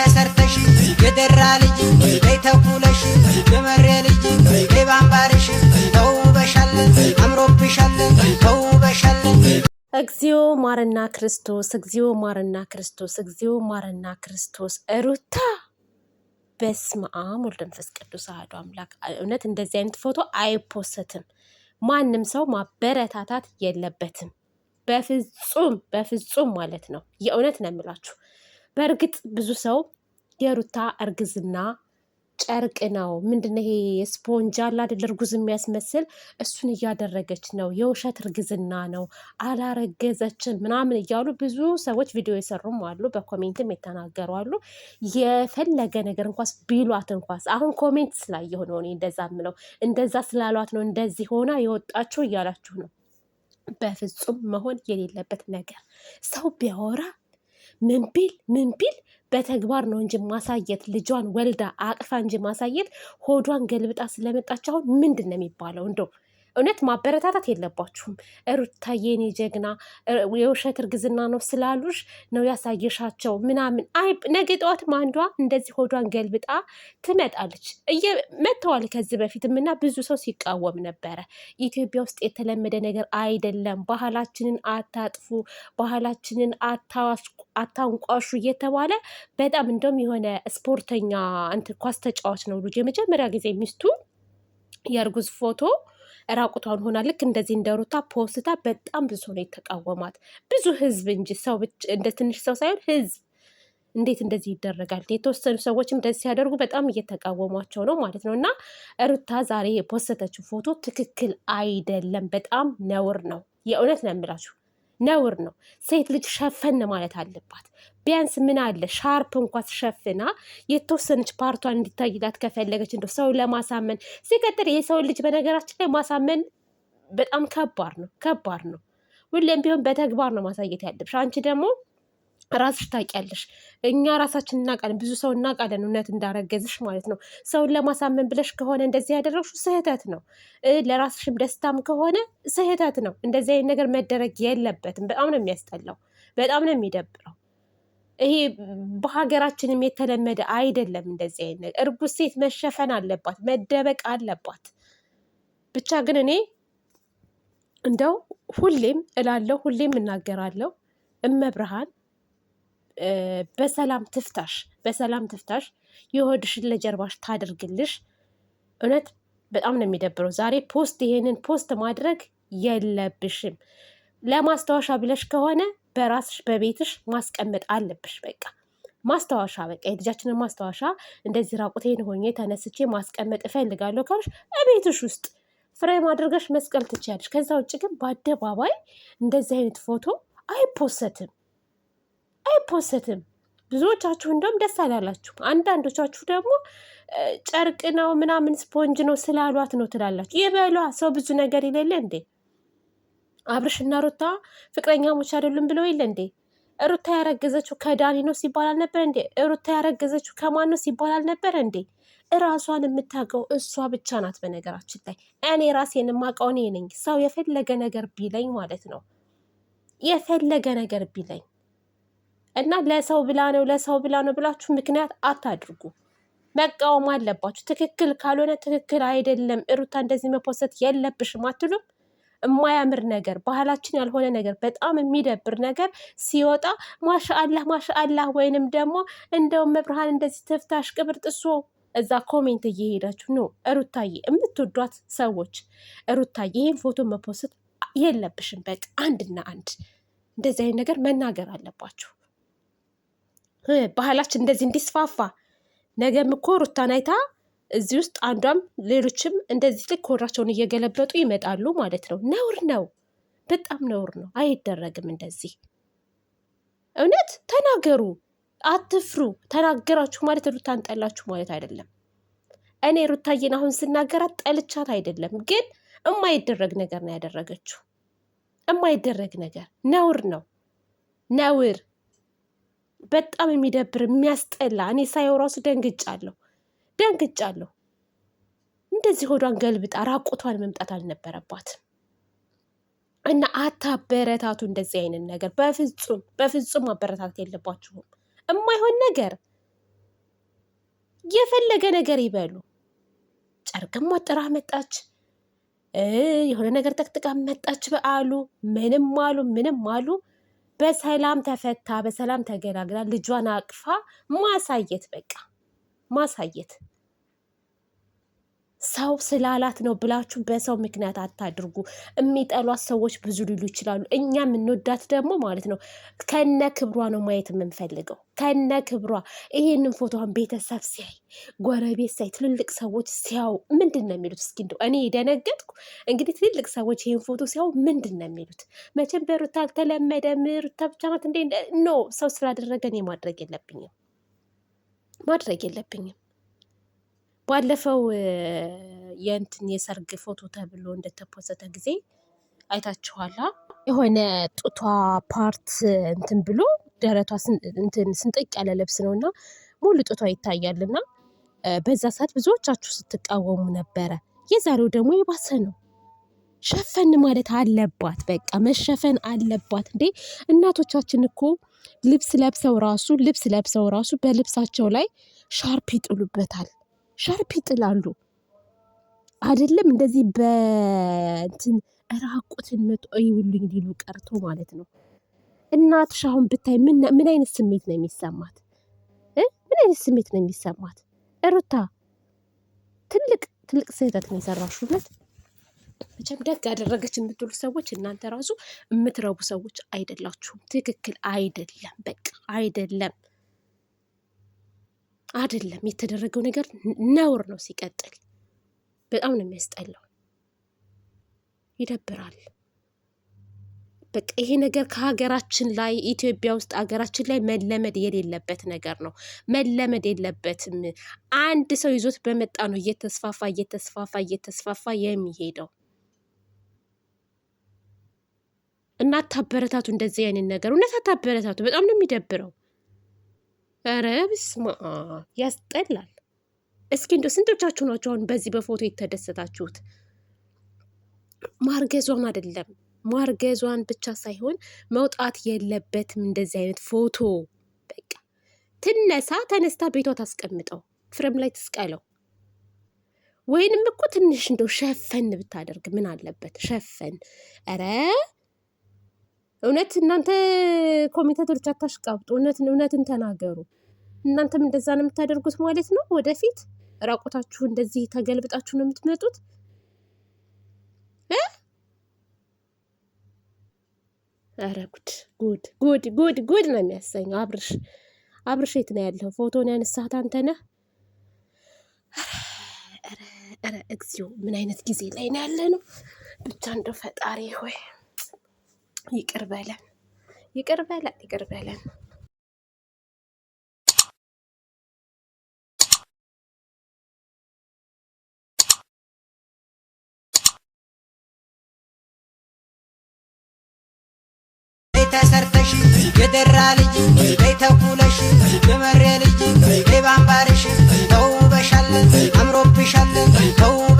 ተሰርተሽ የደራ ልጅ በይ ተኩለሽ የመሬ ልጅ ባንባርሽ ባምባርሽ ተውበሻለን አምሮብሻለን ተውበሻለን። እግዚኦ ማርና ክርስቶስ፣ እግዚኦ ማርና ክርስቶስ፣ እግዚኦ ማርና ክርስቶስ። እሩታ በስመ አብ ወልድ መንፈስ ቅዱስ አሐዱ አምላክ። እውነት እንደዚህ አይነት ፎቶ አይፖሰትም። ማንም ሰው ማበረታታት የለበትም። በፍጹም በፍጹም ማለት ነው። የእውነት ነው የምላችሁ። በእርግጥ ብዙ ሰው የሩታ እርግዝና ጨርቅ ነው ምንድነው ይሄ ስፖንጅ አለ አይደል እርጉዝ የሚያስመስል እሱን እያደረገች ነው የውሸት እርግዝና ነው አላረገዘችን ምናምን እያሉ ብዙ ሰዎች ቪዲዮ የሰሩም አሉ በኮሜንትም የተናገሩ አሉ የፈለገ ነገር እንኳስ ቢሏት እንኳስ አሁን ኮሜንት ስላየሁ ነው እኔ እንደዛ ምለው እንደዛ ስላሏት ነው እንደዚህ ሆና የወጣችሁ እያላችሁ ነው በፍጹም መሆን የሌለበት ነገር ሰው ቢያወራ ምን ቢል ምን ቢል በተግባር ነው እንጂ ማሳየት ልጇን ወልዳ አቅፋ እንጂ ማሳየት ሆዷን ገልብጣ ስለመጣች አሁን ምንድን ነው የሚባለው እንደው እውነት ማበረታታት የለባችሁም። ሩታ የኔ ጀግና የውሸት እርግዝና ነው ስላሉሽ ነው ያሳየሻቸው ምናምን። አይ ነገ ጠዋትም አንዷ እንደዚህ ሆዷን ገልብጣ ትመጣለች። መጥተዋል ከዚህ በፊትም እና ብዙ ሰው ሲቃወም ነበረ። ኢትዮጵያ ውስጥ የተለመደ ነገር አይደለም፣ ባህላችንን አታጥፉ፣ ባህላችንን አታንቋሹ እየተባለ በጣም እንደውም የሆነ ስፖርተኛ ኳስ ተጫዋች ነው ልጁ የመጀመሪያ ጊዜ ሚስቱ የእርጉዝ ፎቶ ራቁቷን ሆና ልክ እንደዚህ እንደሩታ ፖስታ በጣም ብዙ ነው የተቃወማት። ብዙ ህዝብ እንጂ ሰው እንደ ትንሽ ሰው ሳይሆን ህዝብ እንዴት እንደዚህ ይደረጋል? የተወሰኑ ሰዎች እንደዚህ ሲያደርጉ በጣም እየተቃወሟቸው ነው ማለት ነው። እና ሩታ ዛሬ የፖሰተችው ፎቶ ትክክል አይደለም፣ በጣም ነውር ነው። የእውነት ነው የምላችሁ ነውር ነው። ሴት ልጅ ሸፈን ማለት አለባት። ቢያንስ ምን አለ ሻርፕ እንኳ ትሸፍና የተወሰነች ፓርቷን እንዲታይላት ከፈለገች እንደው ሰው ለማሳመን ሲቀጥል የሰው ልጅ በነገራችን ላይ ማሳመን በጣም ከባድ ነው፣ ከባድ ነው። ሁሌም ቢሆን በተግባር ነው ማሳየት ያለብሽ። አንቺ ደግሞ ራስሽ ታውቂያለሽ። እኛ ራሳችን እናውቃለን፣ ብዙ ሰው እናውቃለን፣ እውነት እንዳረገዝሽ ማለት ነው። ሰውን ለማሳመን ብለሽ ከሆነ እንደዚህ ያደረግሽው ስህተት ነው። ለራስሽም ደስታም ከሆነ ስህተት ነው። እንደዚህ አይነት ነገር መደረግ የለበትም። በጣም ነው የሚያስጠላው፣ በጣም ነው የሚደብረው። ይሄ በሀገራችንም የተለመደ አይደለም። እንደዚህ አይነት እርጉዝ ሴት መሸፈን አለባት፣ መደበቅ አለባት። ብቻ ግን እኔ እንደው ሁሌም እላለሁ፣ ሁሌም እናገራለሁ፣ እመብርሃን በሰላም ትፍታሽ፣ በሰላም ትፍታሽ፣ የሆድሽን ለጀርባሽ ታደርግልሽ። እውነት በጣም ነው የሚደብረው። ዛሬ ፖስት ይሄንን ፖስት ማድረግ የለብሽም። ለማስታወሻ ብለሽ ከሆነ በራስሽ በቤትሽ ማስቀመጥ አለብሽ። በቃ ማስታወሻ በቃ የልጃችንን ማስታወሻ እንደዚህ ራቁቴን ሆኜ ተነስቼ ማስቀመጥ እፈልጋለሁ ካልሽ እቤትሽ ውስጥ ፍሬም አድርገሽ መስቀል ትችያለሽ። ከዛ ውጭ ግን በአደባባይ እንደዚህ አይነት ፎቶ አይፖሰትም አይፖሰትም። ብዙዎቻችሁ እንደውም ደስ አላላችሁ። አንዳንዶቻችሁ ደግሞ ጨርቅ ነው ምናምን ስፖንጅ ነው ስላሏት ነው ትላላችሁ። ይበሏ ሰው ብዙ ነገር ይሌለ እንዴ? አብርሽና ሩታ ፍቅረኛሞች አይደሉም ብለው የለ እንዴ? ሩታ ያረገዘችው ከዳኒ ነው ሲባል እንዴ? ሩታ ያረገዘችው ከማን ነው ሲባል አልነበር እንዴ? እራሷን የምታውቀው እሷ ብቻ ናት። በነገራችን ላይ እኔ ራሴን የማውቀው እኔ ነኝ። ሰው የፈለገ ነገር ቢለኝ ማለት ነው የፈለገ ነገር ቢለኝ እና ለሰው ብላ ነው ለሰው ብላ ነው ብላችሁ ምክንያት አታድርጉ። መቃወም አለባችሁ። ትክክል ካልሆነ ትክክል አይደለም ሩታ እንደዚህ መፖሰት የለብሽም አትሉም? የማያምር ነገር ባህላችን ያልሆነ ነገር በጣም የሚደብር ነገር ሲወጣ ማሻአላህ ማሻአላህ ወይንም ደግሞ እንደውም መብርሃን እንደዚህ ትፍታሽ ቅብር ጥሶ እዛ ኮሜንት እየሄዳችሁ ኖ ሩታዬ የምትወዷት ሰዎች ሩታዬ ይህን ፎቶ መፖስት የለብሽም። በቃ አንድና አንድ እንደዚህ አይነት ነገር መናገር አለባችሁ። ባህላችን እንደዚህ እንዲስፋፋ ነገም እኮ ሩታን አይታ እዚህ ውስጥ አንዷም ሌሎችም እንደዚህ ልክ ወራቸውን እየገለበጡ ይመጣሉ ማለት ነው። ነውር ነው፣ በጣም ነውር ነው። አይደረግም እንደዚህ። እውነት ተናገሩ፣ አትፍሩ። ተናገራችሁ ማለት ሩታን ጠላችሁ ማለት አይደለም። እኔ ሩታዬን አሁን ስናገራት ጠልቻት አይደለም፣ ግን እማይደረግ ነገር ነው ያደረገችው። እማይደረግ ነገር ነውር ነው፣ ነውር በጣም የሚደብር የሚያስጠላ። እኔ ሳየው ራሱ ደንግጫለሁ። ደንግጫለሁ። እንደዚህ ሆዷን ገልብጣ ራቁቷን መምጣት አልነበረባትም። እና አታበረታቱ እንደዚህ አይነት ነገር በፍጹም በፍጹም ማበረታታት የለባችሁም። እማይሆን ነገር የፈለገ ነገር ይበሉ። ጨርቅም ወጥራ መጣች፣ የሆነ ነገር ጠቅጥቃ መጣች። በአሉ ምንም አሉ ምንም አሉ፣ በሰላም ተፈታ፣ በሰላም ተገላግላ ልጇን አቅፋ ማሳየት በቃ። ማሳየት። ሰው ስላላት ነው ብላችሁ በሰው ምክንያት አታድርጉ። የሚጠሏት ሰዎች ብዙ ሊሉ ይችላሉ። እኛ የምንወዳት ደግሞ ማለት ነው ከነ ክብሯ ነው ማየት የምንፈልገው ከነ ክብሯ። ይሄንን ፎቶን ቤተሰብ ሲያይ፣ ጎረቤት ሲያይ፣ ትልልቅ ሰዎች ሲያው ምንድን ነው የሚሉት? እስኪ እንደው እኔ የደነገጥኩ እንግዲህ ትልልቅ ሰዎች ይህን ፎቶ ሲያው ምንድን ነው የሚሉት? መቼም በሩታ አልተለመደም ሩታ ብቻ ናት እንዴ? ኖ ሰው ስላደረገን ማድረግ የለብኝም ማድረግ የለብኝም። ባለፈው የእንትን የሰርግ ፎቶ ተብሎ እንደተፖሰተ ጊዜ አይታችኋላ። የሆነ ጡቷ ፓርት እንትን ብሎ ደረቷ እንትን ስንጥቅ ያለ ልብስ ነው እና ሙሉ ጡቷ ይታያል እና በዛ ሰዓት ብዙዎቻችሁ ስትቃወሙ ነበረ። የዛሬው ደግሞ የባሰ ነው። ሸፈን ማለት አለባት፣ በቃ መሸፈን አለባት። እንዴ እናቶቻችን እኮ ልብስ ለብሰው ራሱ ልብስ ለብሰው ራሱ በልብሳቸው ላይ ሻርፕ ይጥሉበታል። ሻርፕ ይጥላሉ። አይደለም እንደዚህ በእንትን ራቁትን መቶ ይውሉኝ ሊሉ ቀርቶ ማለት ነው። እናትሽ አሁን ብታይ ምን አይነት ስሜት ነው የሚሰማት? ምን አይነት ስሜት ነው የሚሰማት? ሩታ ትልቅ ትልቅ ስህተት ነው የሰራሽው መቼም ደግ ያደረገች የምትሉ ሰዎች እናንተ ራሱ የምትረቡ ሰዎች አይደላችሁም። ትክክል አይደለም፣ በቃ አይደለም፣ አይደለም። የተደረገው ነገር ነውር ነው። ሲቀጥል በጣም ነው የሚያስጠላው፣ ይደብራል። በቃ ይሄ ነገር ከሀገራችን ላይ ኢትዮጵያ ውስጥ ሀገራችን ላይ መለመድ የሌለበት ነገር ነው። መለመድ የለበትም። አንድ ሰው ይዞት በመጣ ነው እየተስፋፋ እየተስፋፋ እየተስፋፋ የሚሄደው። እና አታበረታቱ፣ እንደዚህ አይነት ነገር እውነት አታበረታቱ። በጣም ነው የሚደብረው። ኧረ በስመ አብ ያስጠላል። እስኪ እንደው ስንቶቻችሁ ናችሁ አሁን በዚህ በፎቶ የተደሰታችሁት? ማርገዟን አይደለም ማርገዟን ብቻ ሳይሆን መውጣት የለበትም እንደዚህ አይነት ፎቶ። በቃ ትነሳ፣ ተነስታ ቤቷ ታስቀምጠው፣ ፍሬም ላይ ትስቀለው። ወይንም እኮ ትንሽ እንደው ሸፈን ብታደርግ ምን አለበት? ሸፈን ኧረ እውነት እናንተ ኮሜንታተሮች አታሽቃብጡ። እውነትን ተናገሩ። እናንተም እንደዛ ነው የምታደርጉት ማለት ነው። ወደፊት ራቁታችሁ እንደዚህ ተገልብጣችሁ ነው የምትመጡት። ኧረ ጉድ ጉድ ጉድ ጉድ ጉድ ነው የሚያሰኘው። አብርሽ አብርሽ የት ነው ያለው? ፎቶን ያነሳት አንተ ነህ? ኧረ እግዚኦ! ምን አይነት ጊዜ ላይ ነው ያለ ነው። ብቻ እንደው ፈጣሪ ሆይ ይቅር በለን፣ ይቅር በለን፣ ይቅር በለን። ተሰርተሽ የደራ ልጅ ተኩለሽ የመሬ ልጅ ባምባርሽ ተውበሻለን፣ አምሮብሻለን ተው